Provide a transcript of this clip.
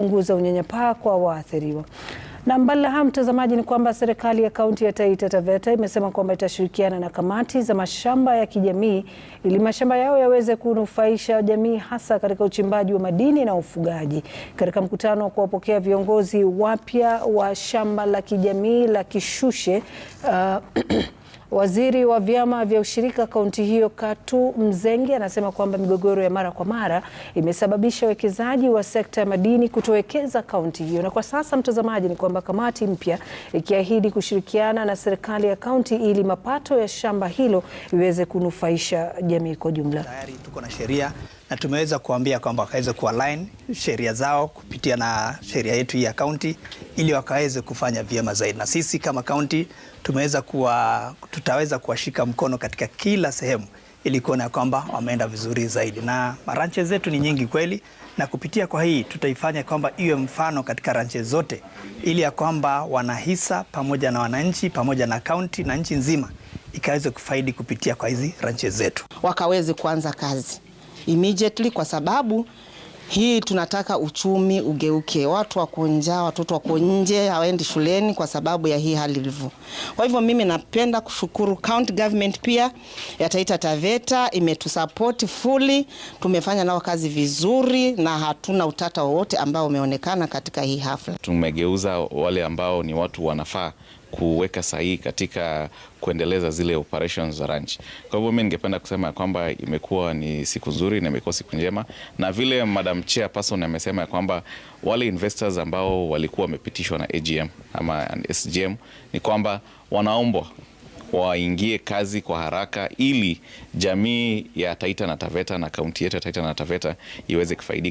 kupunguza unyanyapaa kwa waathiriwa. Na mbali na hayo, mtazamaji, ni kwamba serikali ya kaunti ya Taita Taveta imesema kwamba itashirikiana na kamati za mashamba ya kijamii ili mashamba yao yaweze kunufaisha jamii hasa katika uchimbaji wa madini na ufugaji. Katika mkutano wa kuwapokea viongozi wapya wa shamba la kijamii la Kishushe uh, Waziri wa vyama vya ushirika kaunti hiyo Katu Mzengi anasema kwamba migogoro ya mara kwa mara imesababisha wekezaji wa sekta ya madini kutowekeza kaunti hiyo, na kwa sasa mtazamaji, ni kwamba kamati mpya ikiahidi kushirikiana na serikali ya kaunti ili mapato ya shamba hilo iweze kunufaisha jamii kwa jumla. Tayari tuko na sheria na tumeweza kuambia kwamba wakaweza kualign sheria zao kupitia na sheria yetu hii ya kaunti ili wakaweze kufanya vyema zaidi, na sisi kama kaunti tumeweza kuwa, tutaweza kuwashika mkono katika kila sehemu ili kuona kwamba wameenda vizuri zaidi, na ranche zetu ni nyingi kweli, na kupitia kwa hii tutaifanya kwamba iwe mfano katika ranche zote, ili ya kwamba wanahisa pamoja na wananchi pamoja na kaunti na nchi nzima ikaweze kufaidi kupitia kwa hizi ranche zetu, wakaweze kuanza kazi immediately kwa sababu hii tunataka uchumi ugeuke, watu wako njaa, watoto wako nje, hawaendi shuleni kwa sababu ya hii hali ilivyo. Kwa hivyo mimi napenda kushukuru county government pia ya Taita Taveta imetusupport fully, tumefanya nao kazi vizuri na hatuna utata wowote ambao umeonekana katika hii hafla. Tumegeuza wale ambao ni watu wanafaa kuweka sahihi katika kuendeleza zile operations za ranch. Kwa hivyo mimi ningependa kusema kwamba imekuwa ni siku nzuri na imekuwa siku njema, na vile Madam Chairperson amesema kwamba wale investors ambao walikuwa wamepitishwa na AGM ama SGM ni kwamba wanaombwa waingie kazi kwa haraka ili jamii ya Taita na Taveta na kaunti yetu ya Taita na Taveta iweze kufaidika.